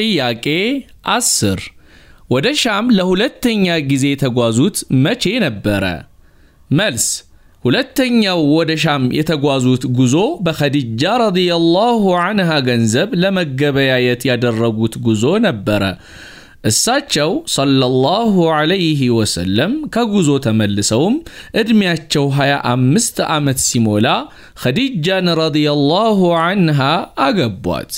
ጥያቄ 10 ወደ ሻም ለሁለተኛ ጊዜ የተጓዙት መቼ ነበረ? መልስ ሁለተኛው ወደ ሻም የተጓዙት ጉዞ በኸዲጃ ረዲየላሁ አንሃ ገንዘብ ለመገበያየት ያደረጉት ጉዞ ነበረ። እሳቸው ሰለላሁ ዐለይሂ ወሰለም ከጉዞ ተመልሰውም ዕድሜያቸው 25 ዓመት ሲሞላ ኸዲጃን ረዲየላሁ አንሃ አገቧት።